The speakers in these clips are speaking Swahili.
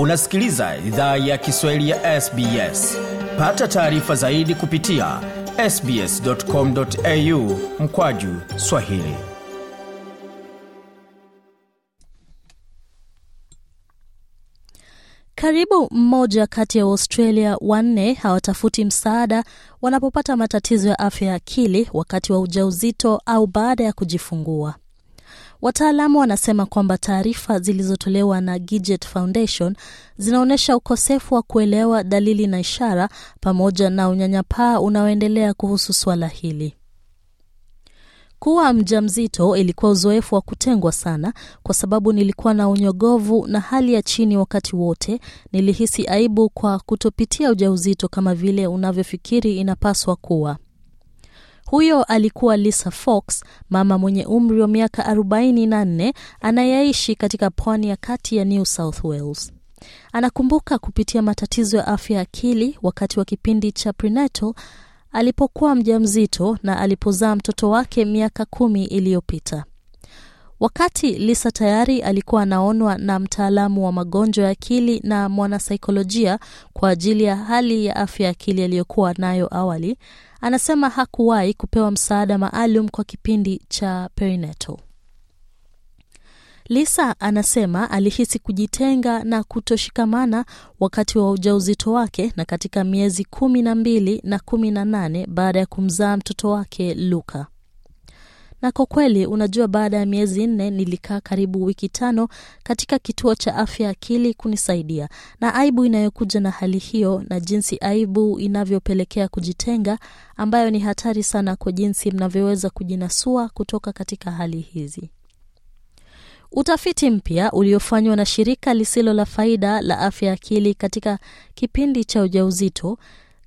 unasikiliza idhaa ya kiswahili ya sbs pata taarifa zaidi kupitia sbscomau mkwaju swahili karibu mmoja kati ya waustralia wanne hawatafuti msaada wanapopata matatizo ya afya ya akili wakati wa ujauzito au baada ya kujifungua Wataalamu wanasema kwamba taarifa zilizotolewa na Gidget Foundation zinaonyesha ukosefu wa kuelewa dalili na ishara pamoja na unyanyapaa unaoendelea kuhusu swala hili. Kuwa mjamzito ilikuwa uzoefu wa kutengwa sana, kwa sababu nilikuwa na unyogovu na hali ya chini wakati wote. Nilihisi aibu kwa kutopitia ujauzito kama vile unavyofikiri inapaswa kuwa. Huyo alikuwa Lisa Fox, mama mwenye umri wa miaka 44 anayeishi katika pwani ya kati ya New South Wales. Anakumbuka kupitia matatizo ya afya ya akili wakati wa kipindi cha prinato alipokuwa mja mzito na alipozaa mtoto wake miaka kumi iliyopita. Wakati Lisa tayari alikuwa anaonwa na mtaalamu wa magonjwa ya akili na mwanasaikolojia kwa ajili ya hali ya afya ya akili aliyokuwa nayo awali, anasema hakuwahi kupewa msaada maalum kwa kipindi cha perinato Lisa anasema alihisi kujitenga na kutoshikamana wakati wa ujauzito wake na katika miezi kumi na mbili na kumi na nane baada ya kumzaa mtoto wake Luka. Na kwa kweli, unajua, baada ya miezi nne nilikaa karibu wiki tano katika kituo cha afya akili kunisaidia, na aibu inayokuja na hali hiyo na jinsi aibu inavyopelekea kujitenga, ambayo ni hatari sana kwa jinsi mnavyoweza kujinasua kutoka katika hali hizi. Utafiti mpya uliofanywa na shirika lisilo la faida la afya akili katika kipindi cha ujauzito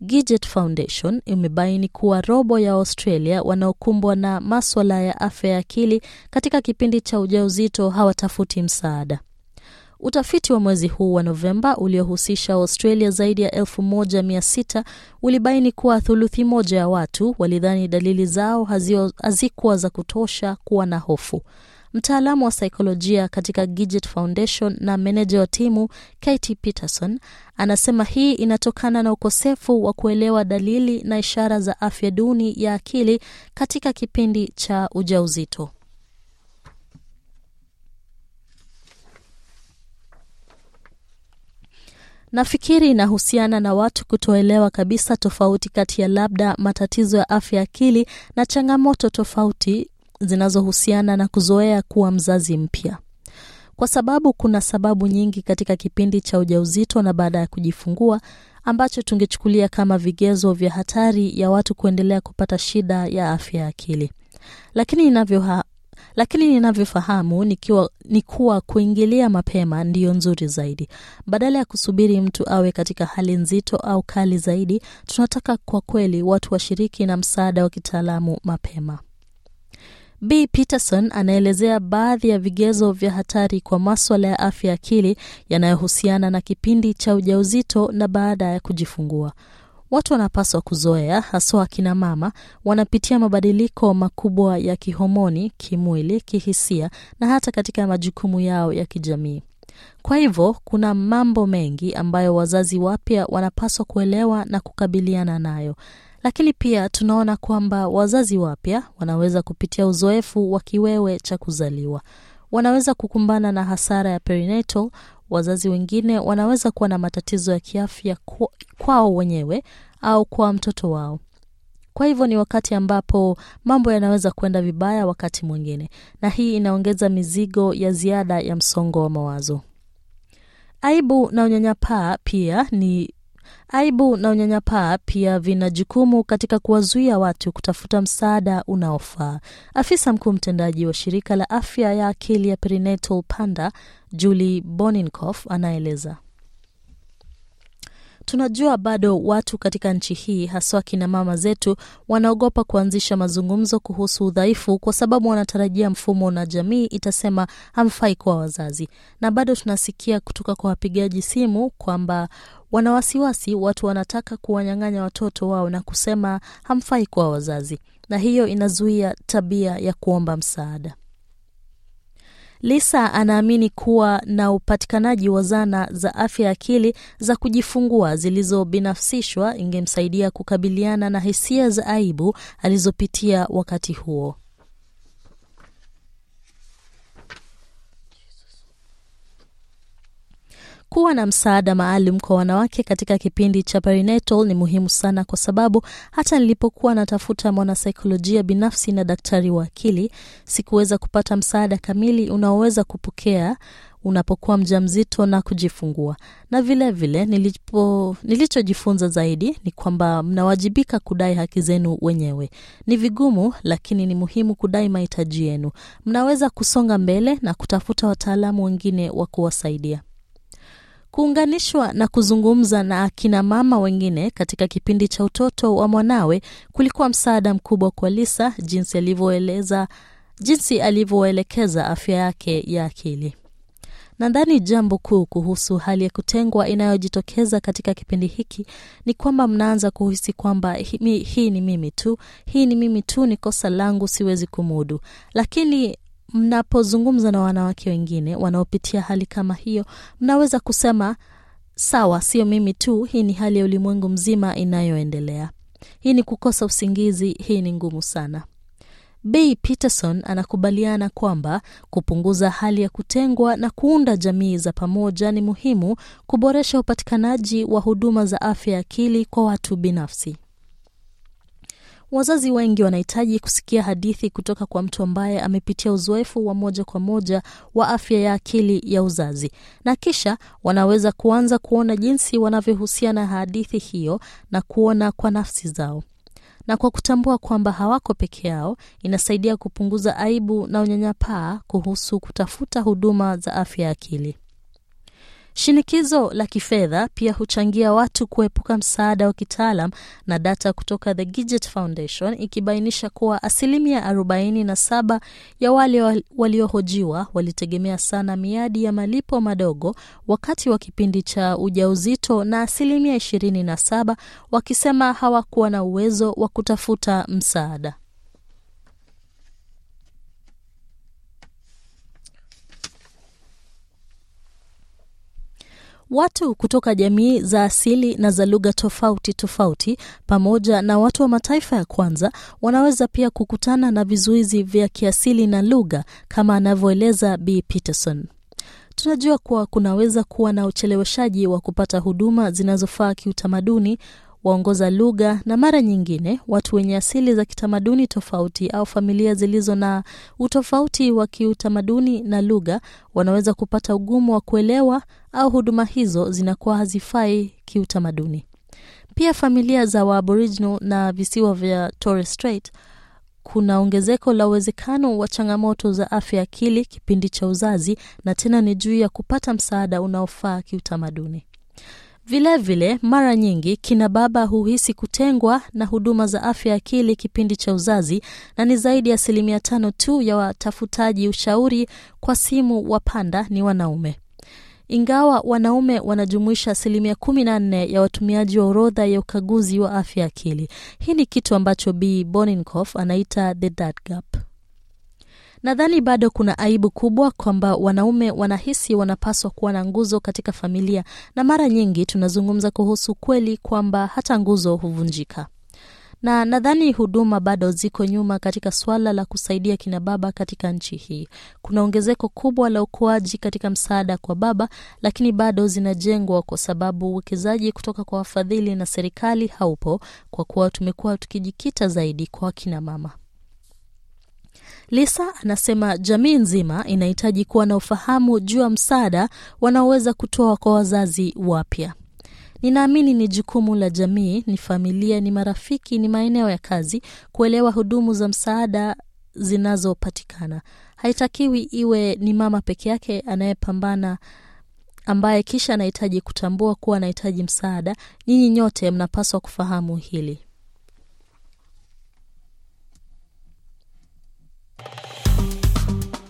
Gidget Foundation imebaini kuwa robo ya Australia wanaokumbwa na maswala ya afya ya akili katika kipindi cha ujauzito hawatafuti msaada. Utafiti wa mwezi huu wa Novemba uliohusisha Australia zaidi ya 1600 ulibaini kuwa thuluthi moja ya watu walidhani dalili zao hazikuwa za kutosha kuwa na hofu. Mtaalamu wa saikolojia katika Gidget Foundation na meneja wa timu Katie Peterson anasema hii inatokana na ukosefu wa kuelewa dalili na ishara za afya duni ya akili katika kipindi cha ujauzito. Nafikiri inahusiana na watu kutoelewa kabisa tofauti kati ya labda matatizo ya afya akili na changamoto tofauti zinazohusiana na kuzoea kuwa mzazi mpya, kwa sababu kuna sababu nyingi katika kipindi cha ujauzito na baada ya kujifungua ambacho tungechukulia kama vigezo vya hatari ya watu kuendelea kupata shida ya afya ya akili, lakini ninavyofahamu ni kuwa kuingilia mapema ndiyo nzuri zaidi. Badala ya kusubiri mtu awe katika hali nzito au kali zaidi, tunataka kwa kweli watu washiriki na msaada wa kitaalamu mapema. B Peterson anaelezea baadhi ya vigezo vya hatari kwa maswala ya afya akili yanayohusiana na kipindi cha ujauzito na baada ya kujifungua. Watu wanapaswa kuzoea, haswa akina mama, wanapitia mabadiliko makubwa ya kihomoni, kimwili, kihisia na hata katika majukumu yao ya kijamii. Kwa hivyo kuna mambo mengi ambayo wazazi wapya wanapaswa kuelewa na kukabiliana nayo. Lakini pia tunaona kwamba wazazi wapya wanaweza kupitia uzoefu wa kiwewe cha kuzaliwa, wanaweza kukumbana na hasara ya perineto Wazazi wengine wanaweza kuwa na matatizo ya kiafya kwao wenyewe au kwa mtoto wao. Kwa hivyo ni wakati ambapo mambo yanaweza kwenda vibaya wakati mwingine, na hii inaongeza mizigo ya ziada ya msongo wa mawazo. Aibu na unyanyapaa pia ni Aibu na unyanyapaa pia vina jukumu katika kuwazuia watu kutafuta msaada unaofaa. Afisa mkuu mtendaji wa shirika la afya ya akili ya perinatal Panda, Julie Boninkoff, anaeleza. Tunajua bado watu katika nchi hii, haswa kina mama zetu, wanaogopa kuanzisha mazungumzo kuhusu udhaifu, kwa sababu wanatarajia mfumo na jamii itasema hamfai kuwa wazazi. Na bado tunasikia kutoka kwa wapigaji simu kwamba wana wasiwasi, watu wanataka kuwanyang'anya watoto wao na kusema hamfai kuwa wazazi, na hiyo inazuia tabia ya kuomba msaada. Lisa anaamini kuwa na upatikanaji wa zana za afya ya akili za kujifungua zilizobinafsishwa ingemsaidia kukabiliana na hisia za aibu alizopitia wakati huo. Kuwa na msaada maalum kwa wanawake katika kipindi cha perinatal ni muhimu sana, kwa sababu hata nilipokuwa natafuta mwanasaikolojia binafsi na daktari wa akili sikuweza kupata msaada kamili unaoweza kupokea unapokuwa mzito na kujifungua. Na vilevile vile nilichojifunza zaidi ni kwamba mnawajibika kudai haki zenu wenyewe. Ni vigumu, lakini ni muhimu kudai mahitaji yenu. Mnaweza kusonga mbele na kutafuta wataalamu wengine wa kuwasaidia. Kuunganishwa na kuzungumza na akina mama wengine katika kipindi cha utoto wa mwanawe kulikuwa msaada mkubwa kwa Lisa, jinsi alivyoeleza jinsi alivyoelekeza afya yake ya akili. Nadhani jambo kuu kuhusu hali ya kutengwa inayojitokeza katika kipindi hiki ni kwamba mnaanza kuhisi kwamba hii, hi ni mimi tu, hii ni mimi tu, ni kosa langu, siwezi kumudu. Lakini mnapozungumza na wanawake wengine wanaopitia hali kama hiyo, mnaweza kusema sawa, sio mimi tu, hii ni hali ya ulimwengu mzima inayoendelea. Hii ni kukosa usingizi, hii ni ngumu sana. B Peterson anakubaliana kwamba kupunguza hali ya kutengwa na kuunda jamii za pamoja ni muhimu kuboresha upatikanaji wa huduma za afya ya akili kwa watu binafsi. Wazazi wengi wanahitaji kusikia hadithi kutoka kwa mtu ambaye amepitia uzoefu wa moja kwa moja wa afya ya akili ya uzazi, na kisha wanaweza kuanza kuona jinsi wanavyohusiana hadithi hiyo na kuona kwa nafsi zao na kwa kutambua kwamba hawako peke yao, inasaidia kupunguza aibu na unyanyapaa kuhusu kutafuta huduma za afya ya akili. Shinikizo la kifedha pia huchangia watu kuepuka msaada wa kitaalam na data kutoka The Gidget Foundation ikibainisha kuwa asilimia 47 ya wale waliohojiwa walitegemea sana miadi ya malipo madogo wakati wa kipindi cha ujauzito na asilimia 27 wakisema hawakuwa na uwezo wa kutafuta msaada. Watu kutoka jamii za asili na za lugha tofauti tofauti pamoja na watu wa mataifa ya kwanza wanaweza pia kukutana na vizuizi vya kiasili na lugha kama anavyoeleza B Peterson. Tunajua kuwa kunaweza kuwa na ucheleweshaji wa kupata huduma zinazofaa kiutamaduni waongoza lugha na mara nyingine watu wenye asili za kitamaduni tofauti au familia zilizo na utofauti wa kiutamaduni na lugha wanaweza kupata ugumu wa kuelewa au huduma hizo zinakuwa hazifai kiutamaduni. Pia familia za Waaboriginal na visiwa vya Torres Strait kuna ongezeko la uwezekano wa changamoto za afya akili kipindi cha uzazi na tena ni juu ya kupata msaada unaofaa kiutamaduni. Vilevile vile, mara nyingi kina baba huhisi kutengwa na huduma za afya ya akili kipindi cha uzazi, na ni zaidi ya asilimia tano tu ya watafutaji ushauri kwa simu wa Panda ni wanaume. Ingawa wanaume wanajumuisha asilimia kumi na nne ya watumiaji wa orodha ya ukaguzi wa afya ya akili. Hii ni kitu ambacho B Boninkoff anaita the dad gap. Nadhani bado kuna aibu kubwa kwamba wanaume wanahisi wanapaswa kuwa na nguzo katika familia, na mara nyingi tunazungumza kuhusu kweli kwamba hata nguzo huvunjika na nadhani huduma bado ziko nyuma katika suala la kusaidia kina baba katika nchi hii. Kuna ongezeko kubwa la ukuaji katika msaada kwa baba, lakini bado zinajengwa kwa sababu uwekezaji kutoka kwa wafadhili na serikali haupo, kwa kuwa tumekuwa tukijikita zaidi kwa kina mama. Lisa anasema jamii nzima inahitaji kuwa na ufahamu juu ya msaada wanaoweza kutoa kwa wazazi wapya. Ninaamini ni jukumu la jamii, ni familia, ni marafiki, ni maeneo ya kazi kuelewa hudumu za msaada zinazopatikana. Haitakiwi iwe ni mama peke yake anayepambana ambaye kisha anahitaji kutambua kuwa anahitaji msaada. Nyinyi nyote mnapaswa kufahamu hili.